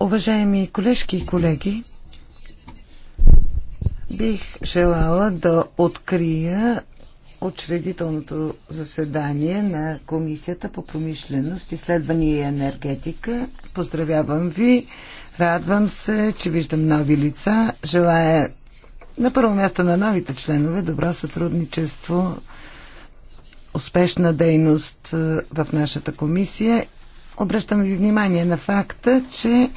Уважаеми колежки и колеги, бих желала да открия учредителното заседание на Комисията по промишленост, изследвания и енергетика. Поздравявам ви, радвам се, че виждам нови лица. Желая на първо място на новите членове добро сътрудничество успешна дейност е, в нашата комисия. Обръщам ви внимание на факта, че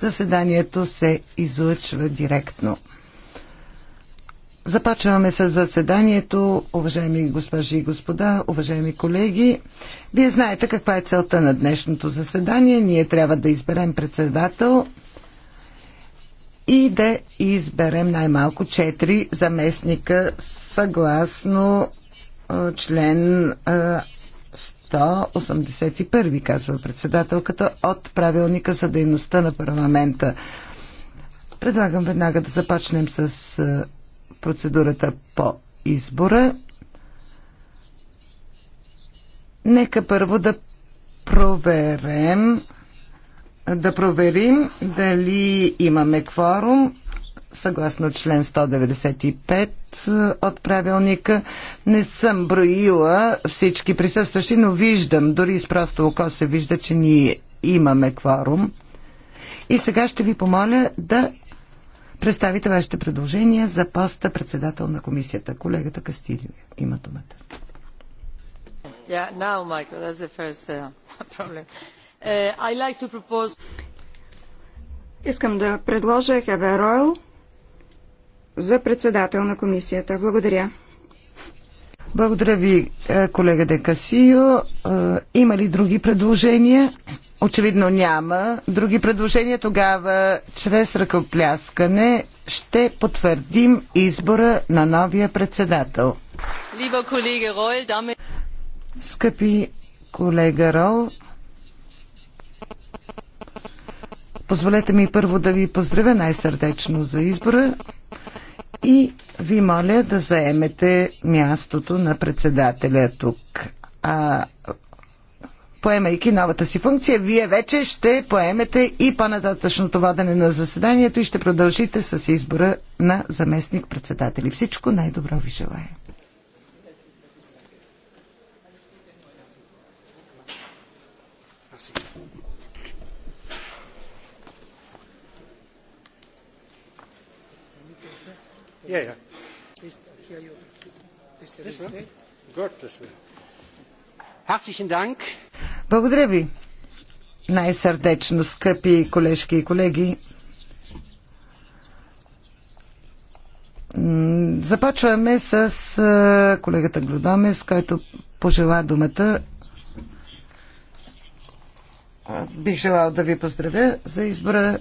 заседанието се излъчва директно. Започваме с заседанието, уважаеми госпожи и господа, уважаеми колеги. Вие знаете каква е целта на днешното заседание. Ние трябва да изберем председател и да изберем най-малко четири заместника съгласно член 181, казва председателката, от правилника за дейността на парламента. Предлагам веднага да започнем с процедурата по избора. Нека първо да проверем да проверим дали имаме кворум съгласно член 195 е, от правилника. Не съм броила всички присъстващи, но виждам, дори с просто око се вижда, че ние имаме кворум. И сега ще ви помоля да представите вашите предложения за поста председател на комисията. Колегата Кастилио има думата. Uh, uh, Искам да предложа Хевер Ройл за председател на комисията. Благодаря. Благодаря ви, е, колега Декасио. Е, има ли други предложения? Очевидно няма. Други предложения тогава, чрез ръкопляскане, ще потвърдим избора на новия председател. Скъпи колега Рол, позволете ми първо да ви поздравя най-сърдечно за избора и ви моля да заемете мястото на председателя тук. А, поемайки новата си функция, вие вече ще поемете и по-нататъчното водене на заседанието и ще продължите с избора на заместник-председатели. Всичко най-добро ви желая. Yeah, yeah. Благодаря ви най-сърдечно, скъпи колежки и колеги. Започваме с колегата Глодомес, който пожела думата. Бих желал да ви поздравя за избора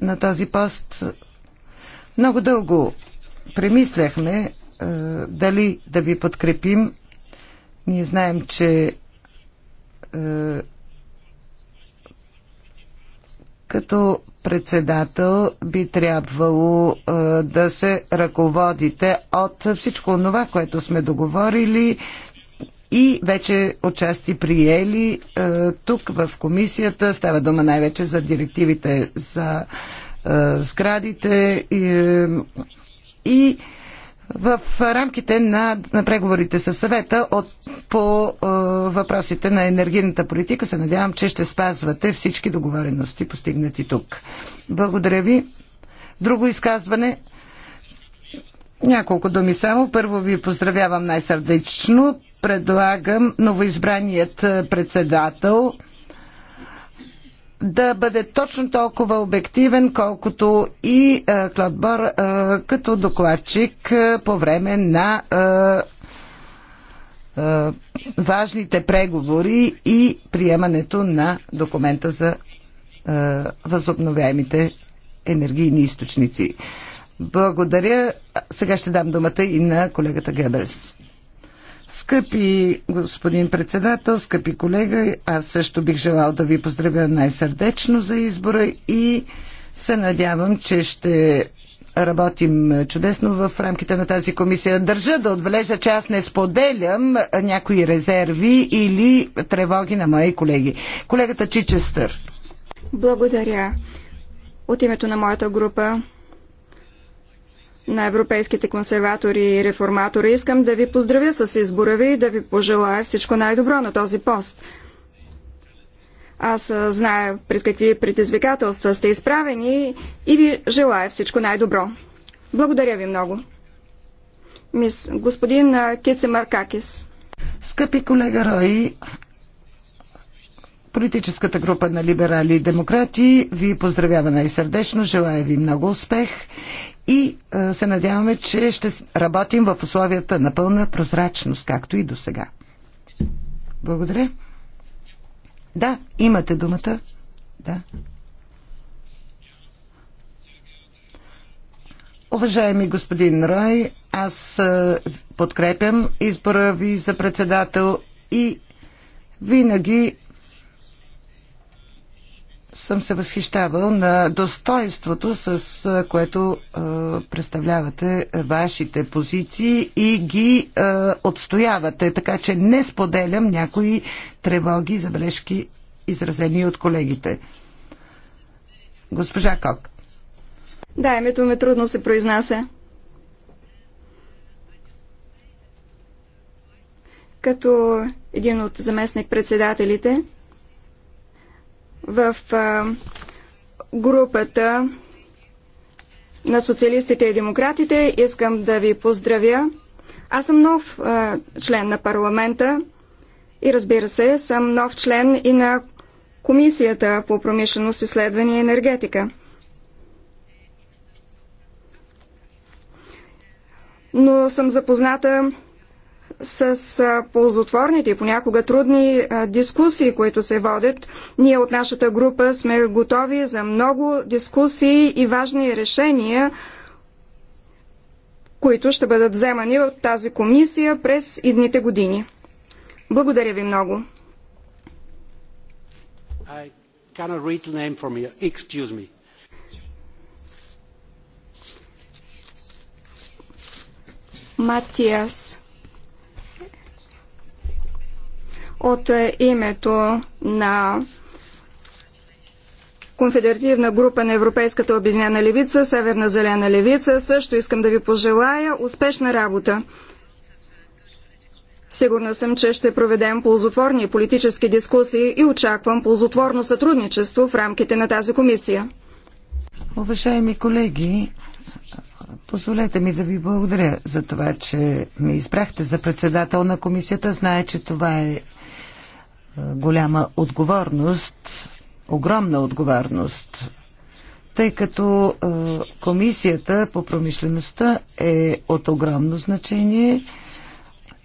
на този пост. Много дълго премисляхме е, дали да ви подкрепим. Ние знаем, че е, като председател би трябвало е, да се ръководите от всичко това, което сме договорили и вече отчасти приели е, тук в комисията. Става дума най-вече за директивите за е, сградите, и, и в рамките на, на преговорите с съвета от, по е, въпросите на енергийната политика се надявам, че ще спазвате всички договорености, постигнати тук. Благодаря ви. Друго изказване. Няколко думи само. Първо ви поздравявам най-сърдечно. Предлагам новоизбраният председател да бъде точно толкова обективен, колкото и е, Клод Бор е, като докладчик е, по време на е, е, важните преговори и приемането на документа за е, възобновяемите енергийни източници. Благодаря. Сега ще дам думата и на колегата Гебелс. Скъпи господин председател, скъпи колега, аз също бих желал да ви поздравя най-сърдечно за избора и се надявам, че ще работим чудесно в рамките на тази комисия. Държа да отбележа, че аз не споделям някои резерви или тревоги на мои колеги. Колегата Чичестър. Благодаря. От името на моята група на европейските консерватори и реформатори. Искам да ви поздравя с избора ви и да ви пожелая всичко най-добро на този пост. Аз зная пред какви предизвикателства сте изправени и ви желая всичко най-добро. Благодаря ви много. Мис, господин Кице Маркакис. Скъпи колега Рой, политическата група на либерали и демократи ви поздравява най-сърдечно, желая ви много успех и се надяваме, че ще работим в условията на пълна прозрачност, както и до сега. Благодаря. Да, имате думата. Да. Уважаеми господин Рой, аз подкрепям избора ви за председател и винаги съм се възхищавал на достоинството, с което е, представлявате вашите позиции и ги е, отстоявате. Така че не споделям някои тревоги и забележки, изразени от колегите. Госпожа Кок. Да, името ме трудно се произнася. Като един от заместник-председателите, в групата на социалистите и демократите. Искам да ви поздравя. Аз съм нов а, член на парламента и разбира се, съм нов член и на Комисията по промишленост, изследване и енергетика. Но съм запозната с ползотворните и понякога трудни дискусии, които се водят. Ние от нашата група сме готови за много дискусии и важни решения, които ще бъдат вземани от тази комисия през идните години. Благодаря ви много. Матиас. от е, името на конфедеративна група на Европейската обединена левица, Северна зелена левица. Също искам да ви пожелая успешна работа. Сигурна съм, че ще проведем ползотворни политически дискусии и очаквам ползотворно сътрудничество в рамките на тази комисия. Уважаеми колеги, позволете ми да ви благодаря за това, че ме избрахте за председател на комисията. Знае, че това е е, голяма отговорност, огромна отговорност, тъй като е, Комисията по промишлеността е от огромно значение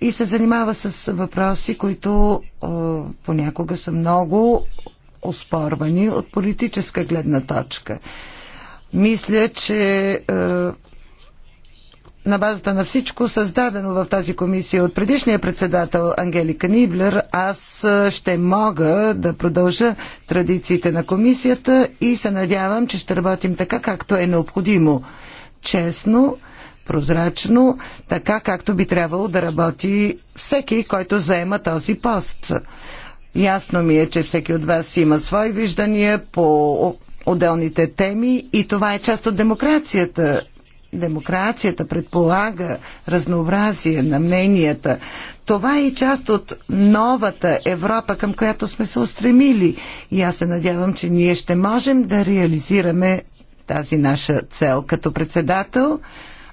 и се занимава с въпроси, които е, понякога са много оспорвани от политическа гледна точка. Мисля, че на базата на всичко създадено в тази комисия от предишния председател Ангелика Ниблер, аз ще мога да продължа традициите на комисията и се надявам, че ще работим така, както е необходимо. Честно, прозрачно, така както би трябвало да работи всеки, който заема този пост. Ясно ми е, че всеки от вас има свои виждания по отделните теми и това е част от демокрацията демокрацията предполага разнообразие на мненията. Това е част от новата Европа, към която сме се устремили. И аз се надявам, че ние ще можем да реализираме тази наша цел. Като председател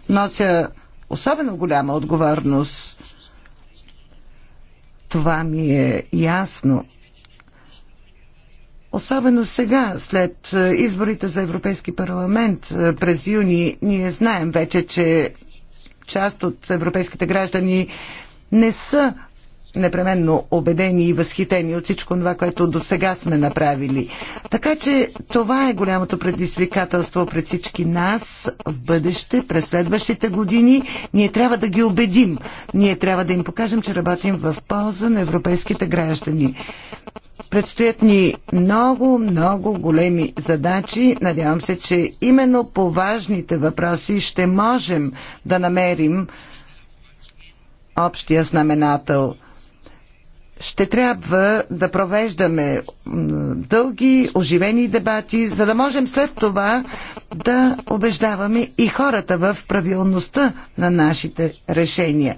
нося особено голяма отговорност. Това ми е ясно. Особено сега, след е, изборите за Европейски парламент е, през юни, ние знаем вече, че част от европейските граждани не са непременно убедени и възхитени от всичко това, което до сега сме направили. Така че това е голямото предизвикателство пред всички нас в бъдеще, през следващите години. Ние трябва да ги убедим. Ние трябва да им покажем, че работим в полза на европейските граждани. Предстоят ни много, много големи задачи. Надявам се, че именно по важните въпроси ще можем да намерим общия знаменател. Ще трябва да провеждаме дълги, оживени дебати, за да можем след това да убеждаваме и хората в правилността на нашите решения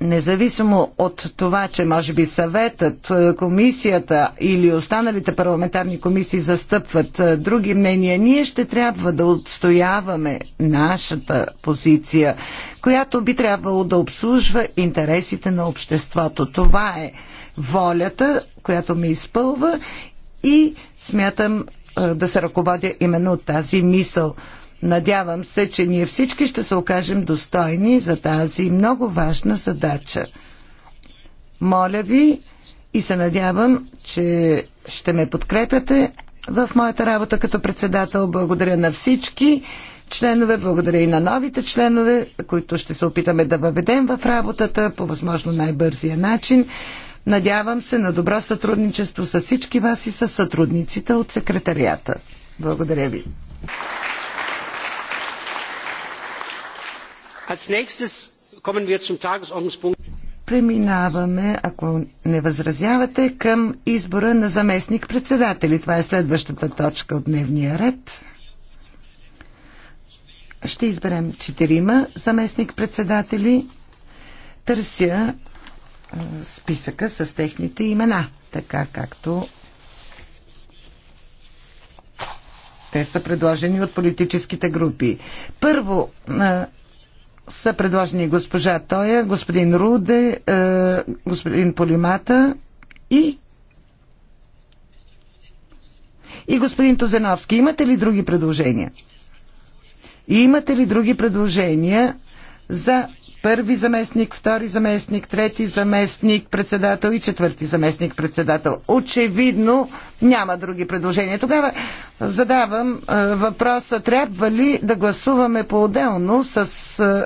независимо от това, че може би съветът, е, комисията или останалите парламентарни комисии застъпват е, други мнения, ние ще трябва да отстояваме нашата позиция, която би трябвало да обслужва интересите на обществото. Това е волята, която ме изпълва и смятам е, да се ръководя именно от тази мисъл. Надявам се, че ние всички ще се окажем достойни за тази много важна задача. Моля ви и се надявам, че ще ме подкрепяте в моята работа като председател. Благодаря на всички членове, благодаря и на новите членове, които ще се опитаме да въведем в работата по възможно най-бързия начин. Надявам се на добро сътрудничество с всички вас и с сътрудниците от секретарията. Благодаря ви. Преминаваме, ако не възразявате, към избора на заместник-председатели. Това е следващата точка от дневния ред. Ще изберем четирима заместник-председатели. Търся списъка с техните имена, така както те са предложени от политическите групи. Първо, са предложени госпожа Тоя, господин Руде, е, господин Полимата и и господин Тозеновски. Имате ли други предложения? Имате ли други предложения за първи заместник, втори заместник, трети заместник, председател и четвърти заместник председател. Очевидно няма други предложения. Тогава е, задавам е, въпроса, трябва ли да гласуваме по-отделно с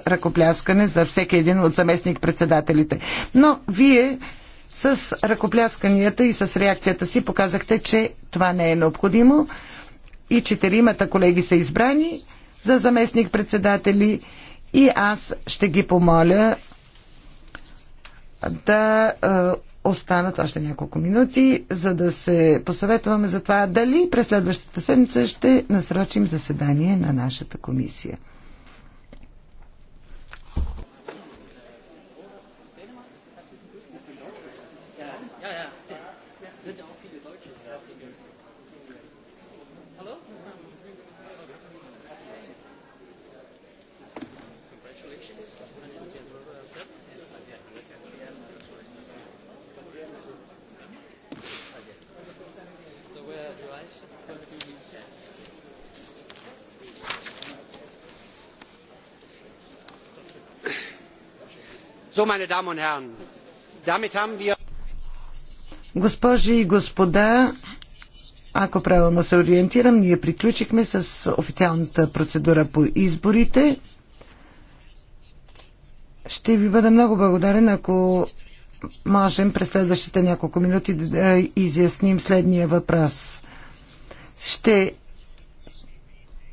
е, ръкопляскане за всеки един от заместник председателите. Но вие с ръкоплясканията и с реакцията си показахте, че това не е необходимо и четиримата колеги са избрани за заместник председатели и аз ще ги помоля да е, останат още няколко минути, за да се посъветваме за това дали през следващата седмица ще насрочим заседание на нашата комисия. Госпожи и господа, ако правилно се ориентирам, ние приключихме с официалната процедура по изборите. Ще ви бъда много благодарен, ако можем през следващите няколко минути да изясним следния въпрос. Ще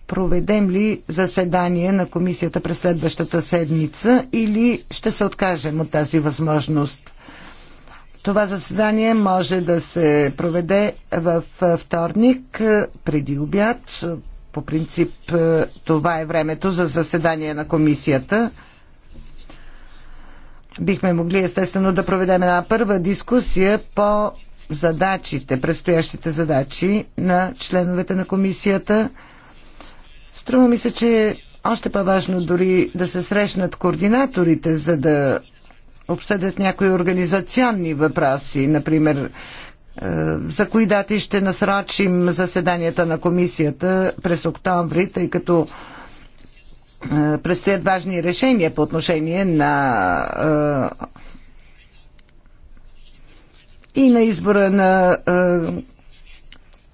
проведем ли заседание на комисията през следващата седмица или ще се откажем от тази възможност? Това заседание може да се проведе в вторник е, преди обяд. По принцип е, това е времето за заседание на комисията. Бихме могли естествено да проведем една първа дискусия по задачите, предстоящите задачи на членовете на комисията. Струва ми се, че е още по-важно дори да се срещнат координаторите, за да обсъдят някои организационни въпроси, например е, за кои дати ще насрочим заседанията на комисията през октомври, тъй като е, предстоят важни решения по отношение на е, и на избора на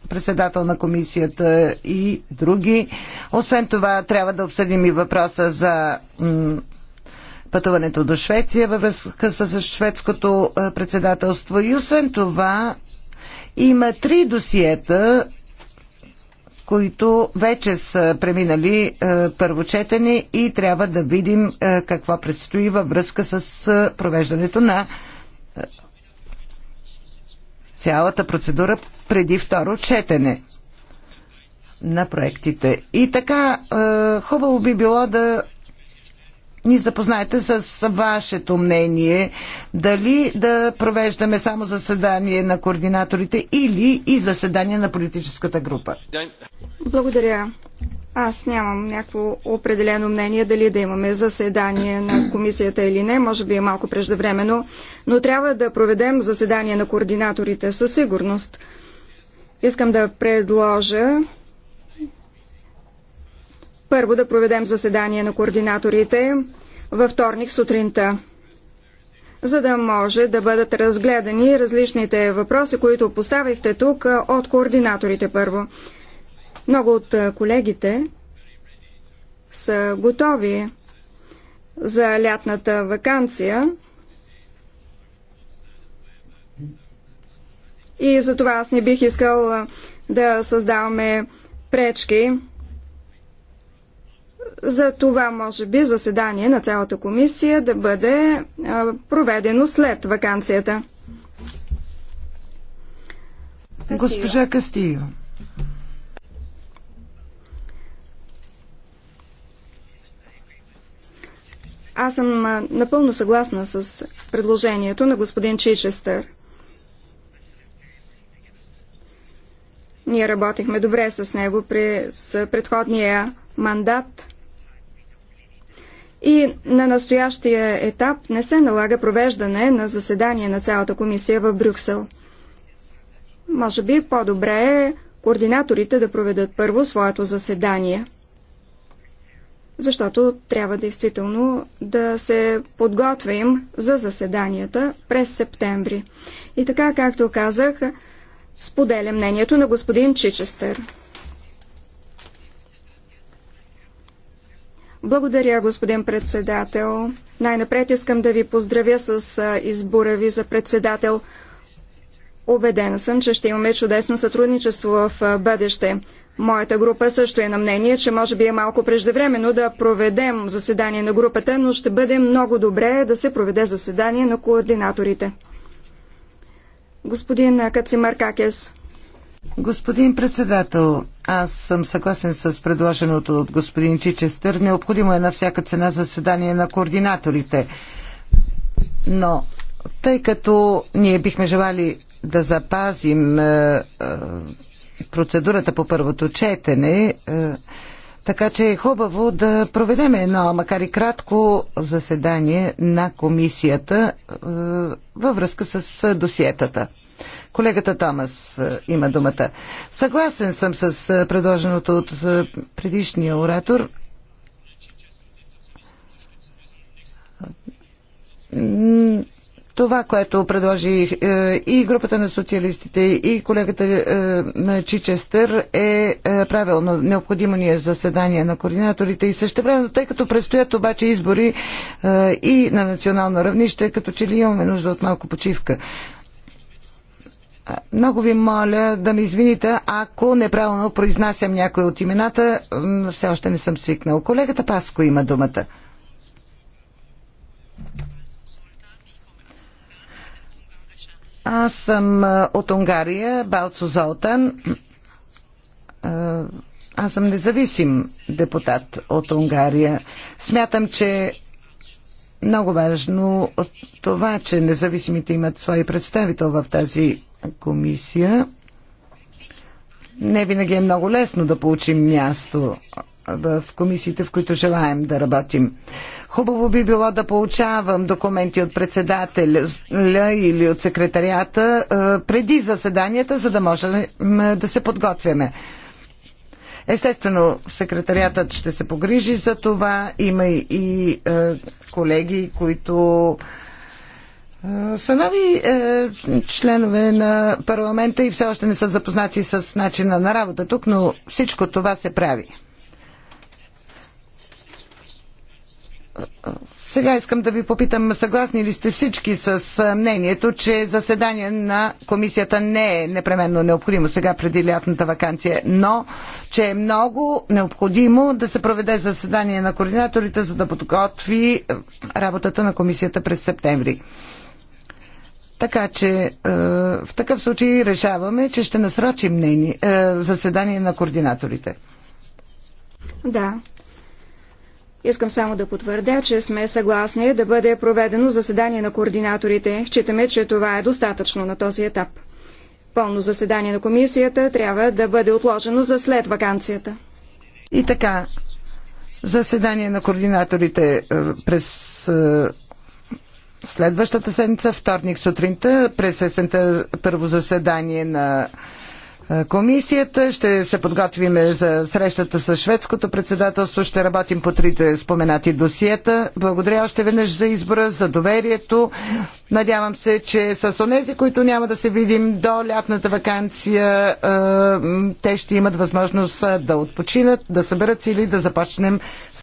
председател на комисията и други. Освен това, трябва да обсъдим и въпроса за пътуването до Швеция във връзка с шведското председателство. И освен това, има три досиета, които вече са преминали е, първо четене и трябва да видим е, какво предстои във връзка с е, провеждането на цялата процедура преди второ четене на проектите. И така, е, хубаво би било да ни запознаете с вашето мнение. Дали да провеждаме само заседание на координаторите или и заседание на политическата група? Благодаря. Аз нямам някакво определено мнение дали да имаме заседание на комисията или не, може би е малко преждевременно, но трябва да проведем заседание на координаторите със сигурност. Искам да предложа първо да проведем заседание на координаторите във вторник сутринта, за да може да бъдат разгледани различните въпроси, които поставихте тук от координаторите първо. Много от колегите са готови за лятната вакансия и за това аз не бих искал да създаваме пречки. За това може би заседание на цялата комисия да бъде проведено след вакансията. Госпожа Кастио. Аз съм напълно съгласна с предложението на господин Чичестър. Ние работихме добре с него през предходния мандат. И на настоящия етап не се налага провеждане на заседание на цялата комисия в Брюксел. Може би по-добре е координаторите да проведат първо своето заседание – защото трябва действително да се подготвим за заседанията през септември. И така, както казах, споделя мнението на господин Чичестър. Благодаря, господин председател. Най-напред искам да ви поздравя с избора ви за председател. Обедена съм, че ще имаме чудесно сътрудничество в бъдеще. Моята група също е на мнение, че може би е малко преждевременно да проведем заседание на групата, но ще бъде много добре да се проведе заседание на координаторите. Господин Кацимар Какес. Господин председател, аз съм съгласен с предложеното от господин Чичестър. Необходимо е на всяка цена заседание на координаторите. Но тъй като ние бихме желали да запазим е, е, процедурата по първото четене. Е, така че е хубаво да проведем едно, макар и кратко, заседание на комисията във връзка с досиетата. Колегата Томас има думата. Съгласен съм с предложеното от предишния оратор. Това, което предложи е, и групата на социалистите, и колегата е, на Чичестър е, е правилно. Необходимо ни е заседание на координаторите и също време, тъй като предстоят обаче избори и на национално равнище, като че ли имаме нужда от малко почивка. Много ви моля да ме извините, ако неправилно произнасям някой от имената. Все още не съм свикнал. Колегата Паско има думата. Аз съм от Унгария, Балцо Золтан. Аз съм независим депутат от Унгария. Смятам, че много важно от това, че независимите имат свой представител в тази комисия. Не винаги е много лесно да получим място в комисиите, в които желаем да работим. Хубаво би било да получавам документи от председателя или от секретарията е, преди заседанията, за да можем да се подготвяме. Естествено, секретариатът ще се погрижи за това. Има и е, колеги, които е, са нови е, членове на парламента и все още не са запознати с начина на работа тук, но всичко това се прави. Сега искам да ви попитам, съгласни ли сте всички с мнението, че заседание на комисията не е непременно необходимо сега преди лятната вакансия, но че е много необходимо да се проведе заседание на координаторите, за да подготви работата на комисията през септември. Така че в такъв случай решаваме, че ще насрочим заседание на координаторите. Да, Искам само да потвърдя, че сме съгласни да бъде проведено заседание на координаторите. Считаме, че това е достатъчно на този етап. Пълно заседание на комисията трябва да бъде отложено за след вакансията. И така, заседание на координаторите е, през е, следващата седмица, вторник сутринта, през есента първо заседание на е, комисията, ще се подготвиме за срещата с шведското председателство, ще работим по трите споменати досиета. Благодаря още веднъж за избора, за доверието. Надявам се, че с онези, които няма да се видим до лятната вакансия, е, те ще имат възможност е, да отпочинат, да съберат сили, да започнем